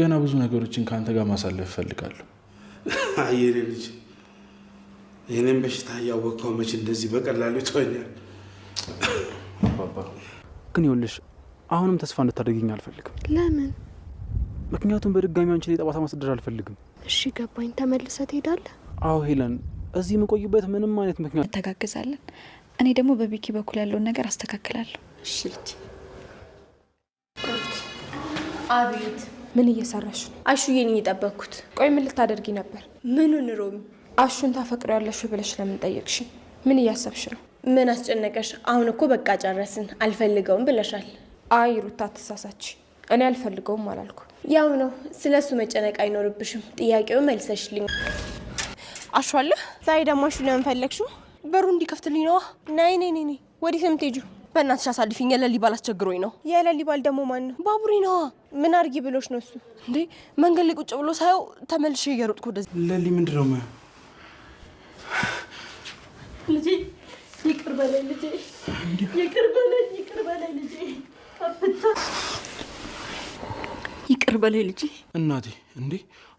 ገና ብዙ ነገሮችን ከአንተ ጋር ማሳለፍ እፈልጋለሁ። የኔ ልጅ ይህንን በሽታ እያወቅኸው መች እንደዚህ በቀላሉ ይተወኛል? ግን ይኸውልሽ አሁንም ተስፋ እንድታደርግኝ አልፈልግም። ለምን? ምክንያቱም በድጋሚ አንቺን የጠባሳ ማስደር አልፈልግም። እሺ ገባኝ። ተመልሰ ትሄዳለህ? አዎ ሄለን፣ እዚህ የምቆይበት ምንም አይነት ምክንያት እንተጋግዛለን። እኔ ደግሞ በቢኪ በኩል ያለውን ነገር አስተካክላለሁ። እሺ ልጅ። አቤት ምን እየሰራሽ ነው? አሹዬን እየጠበቅኩት። ቆይ ምን ልታደርጊ ነበር? ምኑን? ሮሚ አሹን ታፈቅሪያለሽ ብለሽ ለምን ጠየቅሽ? ምን እያሰብሽ ነው? ምን አስጨነቀሽ? አሁን እኮ በቃ ጨረስን፣ አልፈልገውም ብለሻል። አይ ሩታ ትሳሳች እኔ አልፈልገውም አላልኩ። ያው ነው፣ ስለ እሱ መጨነቅ አይኖርብሽም። ጥያቄው መልሰሽልኝ። አሹ አለ? ዛሬ ደግሞ አሹ ለምን ፈለግሽው? በሩ እንዲከፍትልኝ ነዋ። ናይ ነይ ነይ። ወዴት ነው የምትሄጂው? በእናትሽ አሳልፊኝ። የለሊ ባል አስቸግሮኝ ነው። የለሊ ባል ደግሞ ማን ነው? ባቡሬ ነዋ። ምን አድርጊ ብሎች ነው እሱ? እንዴ መንገድ ላይ ቁጭ ብሎ ሳየው ተመልሼ እየሮጥኩ ወደዚህ። ለሊ ምንድን ነው? ልጄ ይቅር በለኝ ልጄ፣ ይቅር በለኝ፣ ይቅር በለኝ ልጄ፣ ይቅር በለኝ ልጄ። እናቴ እንዴ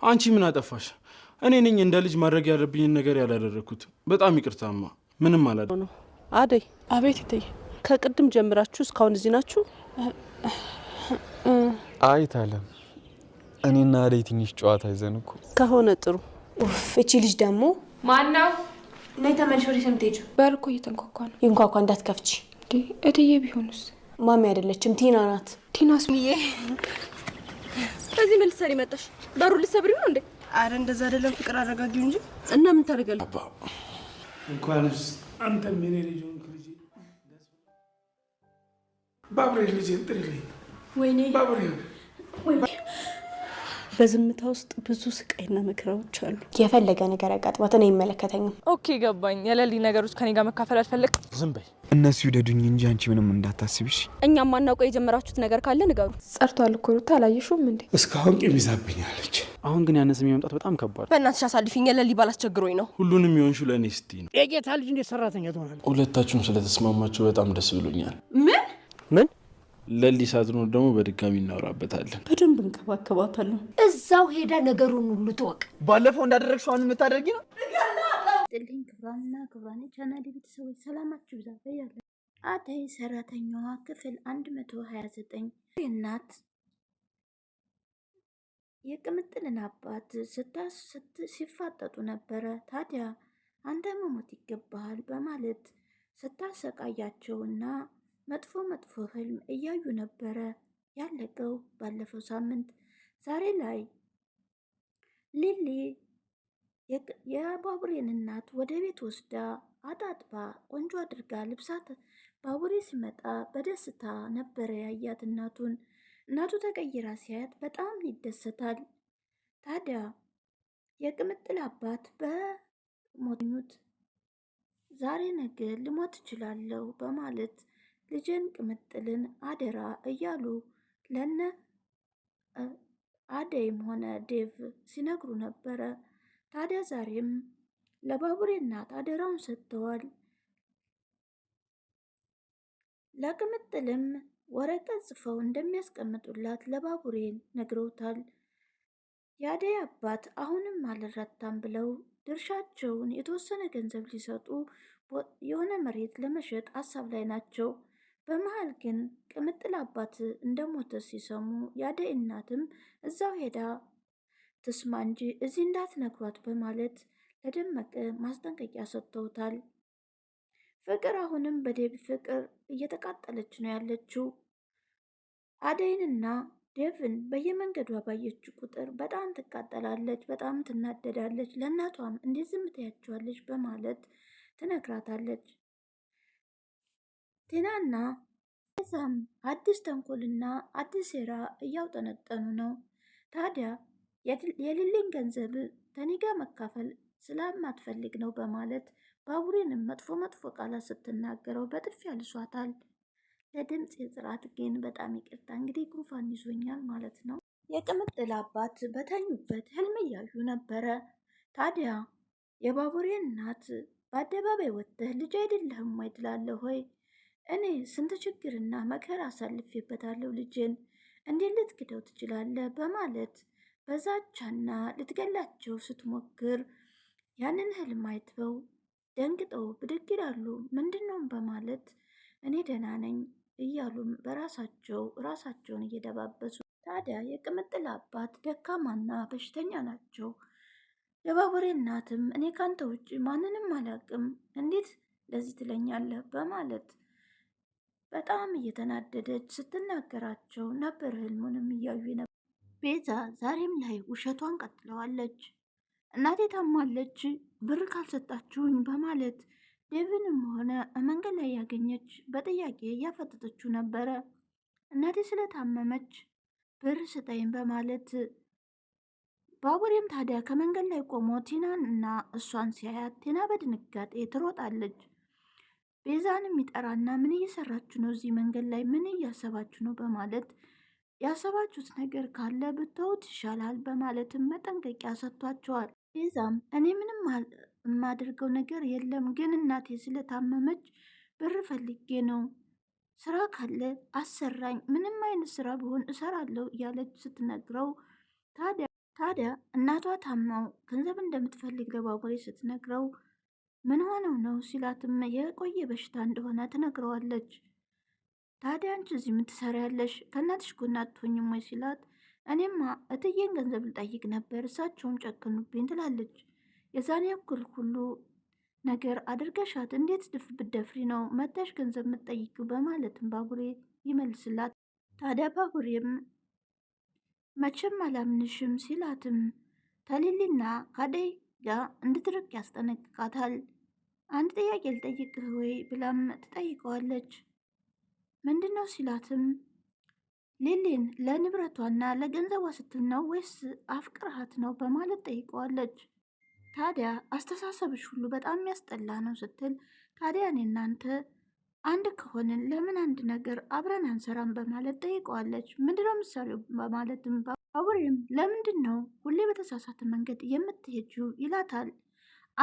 አንቺ ምን አጠፋሽ? እኔ ነኝ እንደ ልጅ ማድረግ ያለብኝን ነገር ያላደረግኩት። በጣም ይቅርታማ። ምንም አላደ አደይ አቤት ይተይ ከቅድም ጀምራችሁ እስካሁን እዚህ ናችሁ? አይ ታለም፣ እኔና አደይ ትንሽ ጨዋታ ይዘን እኮ ከሆነ ጥሩ። እቺ ልጅ ደግሞ ማን ነው? ነይ ተመልሽ፣ ወደ ሰምቴጁ በር እኮ እየተንኳኳ ነው። ይንኳኳ እንዳትከፍቺ። እትዬ ቢሆንስ? ማሚ አይደለችም ቲና ናት። ቲናስ ዬ ከዚህ መልሰሪ መጣሽ? በሩ ልሰብሪ ነው እንዴ? አረ እንደዛ አይደለም ፍቅር፣ አረጋጊው እንጂ እና ምን ታደርጋለህ? እንኳንስ አንተ ምን ልጅ ባቡሬን ልጄን ጥሪልኝ። ወይኔ ባቡሬን። በዝምታ ውስጥ ብዙ ስቃይና መከራዎች አሉ። የፈለገ ነገር ያጋጥማት እኔ አይመለከተኝም። ኦኬ ገባኝ። የለሊ ነገሮች ከኔ ጋር መካፈል አልፈለግም። ዝም በይ። እነሱ ይውደዱኝ እንጂ አንቺ ምንም እንዳታስብሽ። እኛም ማናውቀው የጀመራችሁት ነገር ካለ ንገሩ። ጸርቷል እኮ ሩታ፣ አላየሽውም እንዴ? እስካሁን ቂም ይዛብኛለች። አሁን ግን ያነስ መምጣት በጣም ከባድ። በእናትሽ አሳልፊኝ፣ የለሊ ባላስቸግሮኝ ነው። ሁሉንም የሆንሽ ለእኔ ስቲ ነው። የጌታ ልጅ እንዴት ሰራተኛ ትሆናለች? ሁለታችሁም ስለተስማማችሁ በጣም ደስ ብሎኛል። ምን ለሊሳ አዝኖ ደግሞ በድጋሚ እናወራበታለን። በደንብ እንከባከባታለን። እዛው ሄዳ ነገሩን ሁሉ ትወቅ። ባለፈው እንዳደረግሽው አሁን የምታደርጊ ነው። ጥልኝ ክብራንና ክብራን ቻናል ቤተሰቦች ሰላማችሁ ብዛ ያለ አደይ ሰራተኛዋ ክፍል 129 እናት የቅምጥልን አባት ሲፋጠጡ ነበረ። ታዲያ አንተ መሞት ይገባሃል በማለት ስታሰቃያቸውና መጥፎ መጥፎ ህልም እያዩ ነበረ ያለቀው ባለፈው ሳምንት። ዛሬ ላይ ሊሊ የባቡሬን እናት ወደ ቤት ወስዳ አጣጥባ ቆንጆ አድርጋ ልብሳት ባቡሬ ሲመጣ በደስታ ነበረ ያያት እናቱን። እናቱ ተቀይራ ሲያያት በጣም ይደሰታል። ታዲያ የቅምጥል አባት በሞኙት ዛሬ ነገ ልሞት እችላለሁ በማለት ልጅን ቅምጥልን አደራ እያሉ ለነ አደይም ሆነ ዴቭ ሲነግሩ ነበረ። ታዲያ ዛሬም ለባቡሬ እናት አደራውን ሰጥተዋል። ለቅምጥልም ወረቀት ጽፈው እንደሚያስቀምጡላት ለባቡሬ ነግረውታል። የአደይ አባት አሁንም አልረታም ብለው ድርሻቸውን የተወሰነ ገንዘብ ሊሰጡ የሆነ መሬት ለመሸጥ ሀሳብ ላይ ናቸው። በመሀል ግን ቅምጥል አባት እንደሞተ ሲሰሙ ያደይ እናትም እዛው ሄዳ ትስማ እንጂ እዚህ እንዳትነግሯት በማለት ለደመቀ ማስጠንቀቂያ ሰጥተውታል። ፍቅር አሁንም በደብ ፍቅር እየተቃጠለች ነው ያለችው። አደይንና ዴቭን በየመንገዷ ባየች ቁጥር በጣም ትቃጠላለች፣ በጣም ትናደዳለች። ለእናቷም እንዴት ዝም ትያቸዋለች በማለት ትነግራታለች። ቴናና ቤዛም አዲስ ተንኮልና አዲስ ሴራ እያውጠነጠኑ ነው። ታዲያ የሊሊን ገንዘብ ተኒጋ መካፈል ስለማትፈልግ ነው በማለት ባቡሬንም መጥፎ መጥፎ ቃላት ስትናገረው በጥፊ ያልሷታል። ለድምፅ የጥራት ግን በጣም ይቅርታ እንግዲህ ጉንፋን ይዞኛል ማለት ነው። የቅምጥል አባት በተኙበት ህልም እያዩ ነበረ። ታዲያ የባቡሬ እናት በአደባባይ ወጥተህ ልጅ አይደለህም ወይ ትላለህ ሆይ እኔ ስንት ችግርና መከራ አሳልፌበታለሁ። ልጅን እንዴት ልትክደው ትችላለህ? በማለት በዛቻና ልትገላቸው ስትሞክር ያንን ህልም አይተው ደንግጠው ብድግ ይላሉ። ምንድን በማለት እኔ ደህና ነኝ እያሉም በራሳቸው ራሳቸውን እየደባበሱ ታዲያ የቅምጥል አባት ደካማና በሽተኛ ናቸው። የባቡሬ እናትም እኔ ካንተ ውጭ ማንንም አላቅም እንዴት ለዚህ ትለኛለህ? በማለት በጣም እየተናደደች ስትናገራቸው ነበር። ህልሙንም እያዩ ነበር። ቤዛ ዛሬም ላይ ውሸቷን ቀጥለዋለች። እናቴ ታማለች፣ ብር ካልሰጣችሁኝ በማለት ዴቪንም ሆነ መንገድ ላይ ያገኘች በጥያቄ እያፈጠጠችው ነበረ። እናቴ ስለታመመች ብር ስጠኝ በማለት ባቡሬም ታዲያ ከመንገድ ላይ ቆሞ ቲናን እና እሷን ሲያያት ቲና በድንጋጤ ትሮጣለች። ቤዛንም ይጠራና ምን እየሰራችሁ ነው? እዚህ መንገድ ላይ ምን እያሰባችሁ ነው? በማለት ያሰባችሁት ነገር ካለ ብተውት ይሻላል በማለትም መጠንቀቂያ ሰጥቷቸዋል። ቤዛም እኔ ምንም የማደርገው ነገር የለም፣ ግን እናቴ ስለታመመች ብር ፈልጌ ነው ስራ ካለ አሰራኝ፣ ምንም አይነት ስራ ቢሆን እሰራለሁ እያለች ስትነግረው፣ ታዲያ ታዲያ እናቷ ታማው ገንዘብ እንደምትፈልግ ለባቡሬ ስትነግረው ምን ሆነው ነው ሲላትም የቆየ በሽታ እንደሆነ ትነግረዋለች። ታዲያ አንቺ እዚህ የምትሰሪ ያለሽ ከእናትሽ ጎን አትሆኝም ወይ ሲላት፣ እኔማ እትዬን ገንዘብ ልጠይቅ ነበር እሳቸውም ጨክኑብኝ ትላለች። የዛኔ እኩል ሁሉ ነገር አድርገሻት እንዴት ድፍ ብደፍሪ ነው መታሽ ገንዘብ የምትጠይቂው በማለትም ባቡሬ ይመልስላት። ታዲያ ባቡሬም መቼም አላምንሽም ሲላትም ተሊሊና ካደይ ጋር እንድትርቅ ያስጠነቅቃታል። አንድ ጥያቄ ልጠይቅህ ወይ ብላም ትጠይቀዋለች። ምንድን ነው ሲላትም ሊሊን ለንብረቷና ለገንዘቧ ስትል ነው ወይስ አፍቅርሃት ነው በማለት ጠይቀዋለች። ታዲያ አስተሳሰብሽ ሁሉ በጣም የሚያስጠላ ነው ስትል ታዲያ እኔ እናንተ አንድ ከሆንን ለምን አንድ ነገር አብረን አንሰራም በማለት ጠይቀዋለች። ምንድነው ምሳሌው በማለትም አቡሬም ለምንድን ነው ሁሌ በተሳሳተ መንገድ የምትሄጂው ይላታል።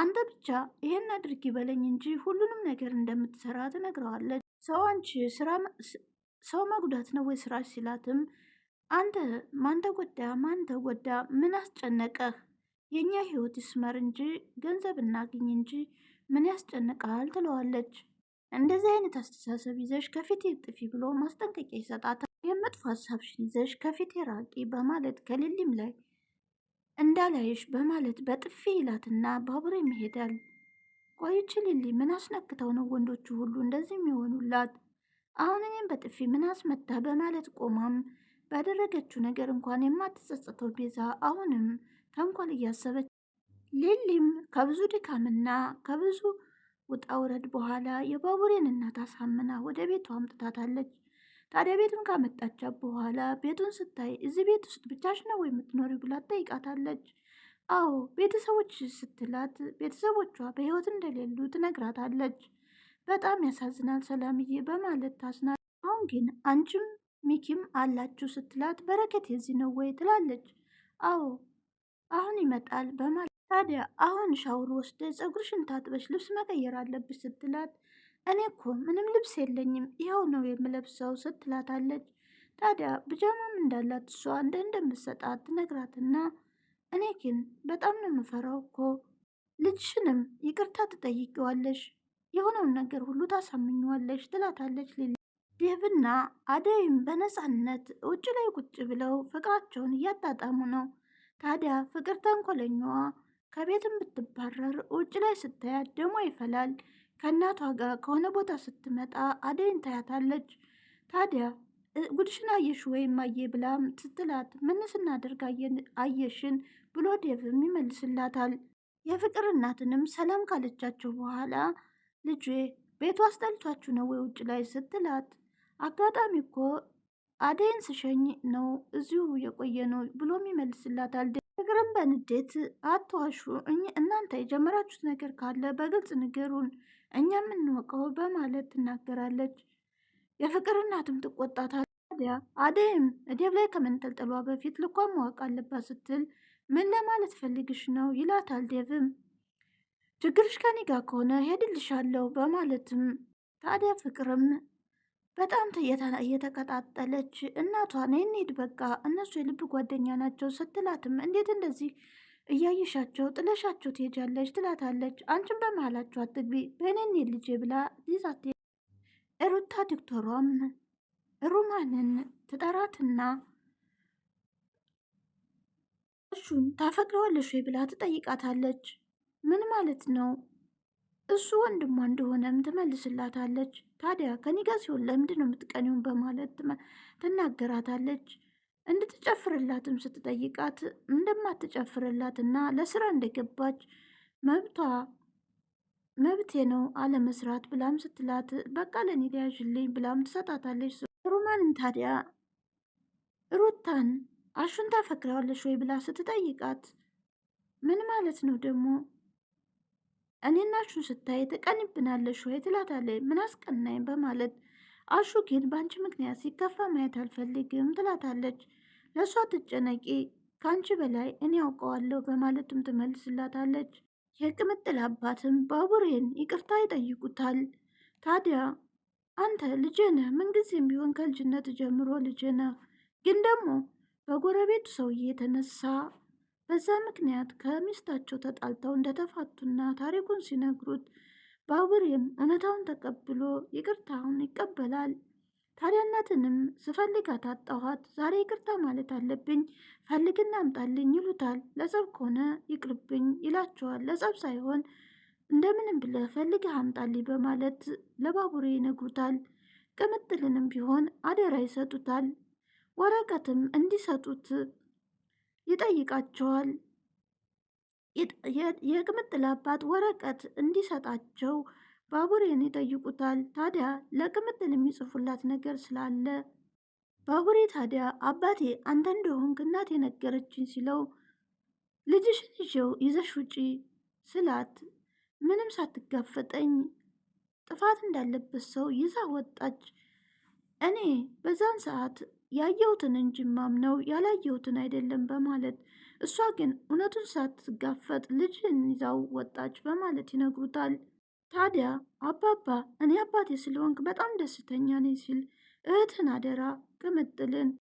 አንተ ብቻ ይሄን አድርጊ በለኝ እንጂ ሁሉንም ነገር እንደምትሰራ ትነግረዋለች። ሰው አንቺ ስራ ሰው መጉዳት ነው ወይ ስራሽ ሲላትም አንተ ማን ተጎዳ ማን ተጎዳ ምን አስጨነቀህ? የእኛ ህይወት ይስመር እንጂ ገንዘብ እናግኝ እንጂ ምን ያስጨንቃል? ትለዋለች። እንደዚህ አይነት አስተሳሰብ ይዘሽ ከፊት ጥፊ ብሎ ማስጠንቀቂያ ይሰጣታል። የመጥፎ ሀሳብሽን ይዘሽ ከፊቴ ራቂ በማለት ከሊሊም ላይ እንዳላይሽ በማለት በጥፊ ይላትና ባቡሬም ይሄዳል። ቆይች ሊሊ ምን አስነክተው ነው ወንዶቹ ሁሉ እንደዚህ የሚሆኑላት? አሁን እኔም በጥፊ ምን አስመታ በማለት ቆማም ባደረገችው ነገር እንኳን የማትጸጸተው ቤዛ አሁንም ተንኮል እያሰበች ሊሊም ከብዙ ድካምና ከብዙ ውጣ ውረድ በኋላ የባቡሬን እናት አሳምና ወደ ቤቷ አምጥታታለች። ታዲያ ቤቱን ካመጣቻት በኋላ ቤቱን ስታይ እዚህ ቤት ውስጥ ብቻሽ ነው የምትኖሪ ብላ ትጠይቃታለች። አዎ ቤተሰቦች ስትላት ቤተሰቦቿ በሕይወት እንደሌሉ ትነግራታለች። በጣም ያሳዝናል ሰላምዬ በማለት ታዝናል። አሁን ግን አንቺም ሚኪም አላችሁ ስትላት በረከት የዚህ ነው ወይ ትላለች። አዎ አሁን ይመጣል በማለት ታዲያ አሁን ሻውር ወስደ ፀጉርሽን ታጥበሽ ልብስ መቀየር አለብሽ ስትላት እኔ እኮ ምንም ልብስ የለኝም ይኸው ነው የምለብሰው ስትላታለች። ታዲያ ብጃማም እንዳላት እሷ እንደ እንደምትሰጣት ትነግራትና እኔ ግን በጣም ነው የምፈራው እኮ ልጅሽንም ይቅርታ ትጠይቂዋለሽ፣ የሆነውን ነገር ሁሉ ታሳምኘዋለሽ ትላታለች። ሌላ ዴቭና አደይም በነፃነት ውጭ ላይ ቁጭ ብለው ፍቅራቸውን እያጣጣሙ ነው። ታዲያ ፍቅር ተንኮለኛዋ ከቤትም ብትባረር ውጭ ላይ ስታያት ደሞ ይፈላል። ከእናቷ ጋር ከሆነ ቦታ ስትመጣ አደይን ታያታለች። ታዲያ ጉድሽን አየሽ ወይም አየ ብላም ስትላት ምን ስናደርግ አየሽን ብሎ ዴቭም ይመልስላታል። የፍቅር እናትንም ሰላም ካለቻቸው በኋላ ልጄ ቤቱ አስጠልቷችሁ ነው ወይ ውጭ ላይ ስትላት አጋጣሚ እኮ አደይን ስሸኝ ነው እዚሁ የቆየ ነው ብሎም ይመልስላታል። ፍቅርን በንዴት አትዋሹ፣ እናንተ የጀመራችሁት ነገር ካለ በግልጽ ንገሩን እኛ የምንወቀው በማለት ትናገራለች። የፍቅር እናትም ትቆጣታል። ታዲያ አደይም እዴብ ላይ ከመንጠልጠሏ በፊት ልኳ ማወቅ አለባት ስትል ምን ለማለት ፈልግሽ ነው ይላታል። ዴብም ችግርሽ ከኔ ጋር ከሆነ ሄድልሻለሁ በማለትም ታዲያ ፍቅርም በጣም እየተቀጣጠለች እናቷ ነይ እንሂድ በቃ እነሱ የልብ ጓደኛ ናቸው ስትላትም እንዴት እንደዚህ እያየሻቸው ጥለሻቸው ትሄጃለች ትላታለች። አንቺም በመሀላችሁ አትግቢ በእኔን የልጄ ብላ ይዛት ሩታ ዶክተሯም ሩማንን ትጠራትና እሱን ታፈቅረዋለሽ ወይ ብላ ትጠይቃታለች። ምን ማለት ነው እሱ ወንድሟ እንደሆነም ትመልስላታለች። ታዲያ ከኔ ጋር ሲሆን ለምንድን ነው የምትቀኒውን በማለት ትናገራታለች። እንድትጨፍርላትም ስትጠይቃት እንደማትጨፍርላትና ለስራ እንደገባች መብቷ መብቴ ነው አለመስራት ብላም ስትላት በቃ ለኔ ሊያዥልኝ ብላም ትሰጣታለች። ሩማንም ታዲያ ሩታን አሹን ታፈቅረዋለች ወይ ብላ ስትጠይቃት ምን ማለት ነው ደግሞ እኔና አሹን ስታይ ትቀንብናለች ወይ ትላታለች። ምን አስቀናኝ በማለት አሹ ግን በአንቺ ምክንያት ሲከፋ ማየት አልፈልግም ትላታለች። ለእሷ ትጨነቂ ከአንቺ በላይ እኔ ያውቀዋለሁ በማለትም ትመልስላታለች። የቅምጥል አባትም ባቡሬን ይቅርታ ይጠይቁታል። ታዲያ አንተ ልጄ ነህ፣ ምንጊዜም ቢሆን ከልጅነት ጀምሮ ልጄ ግን ደግሞ በጎረቤቱ ሰውዬ የተነሳ በዛ ምክንያት ከሚስታቸው ተጣልተው እንደተፋቱና ታሪኩን ሲነግሩት ባቡሬም እውነታውን ተቀብሎ ይቅርታውን ይቀበላል። ታዲያ እናትንም ስፈልጋት አጣኋት፣ ዛሬ ይቅርታ ማለት አለብኝ፣ ፈልግና አምጣልኝ ይሉታል። ለጸብ ከሆነ ይቅርብኝ ይላቸዋል። ለጸብ ሳይሆን እንደምንም ብለህ ፈልግህ አምጣልኝ በማለት ለባቡሬ ይነግሩታል። ቅምጥልንም ቢሆን አደራ ይሰጡታል። ወረቀትም እንዲሰጡት ይጠይቃቸዋል። የቅምጥል አባት ወረቀት እንዲሰጣቸው ባቡሬን ይጠይቁታል። ታዲያ ለቅምጥል የሚጽፉላት ነገር ስላለ ባቡሬ ታዲያ አባቴ አንተ እንደሆንክ እናቴ ነገረችኝ ሲለው ልጅሽን ይዤው ይዘሽ ውጪ ስላት ምንም ሳትጋፈጠኝ ጥፋት እንዳለበት ሰው ይዛ ወጣች። እኔ በዛን ሰዓት ያየሁትን እንጂ ማምነው ያላየሁትን አይደለም በማለት እሷ ግን እውነቱን ሳትጋፈጥ ልጅን ይዛው ወጣች በማለት ይነግሩታል። ታዲያ አባባ እኔ አባቴ ስለሆንክ በጣም ደስተኛ ነኝ ሲል እህትን አደራ ቅምጥልን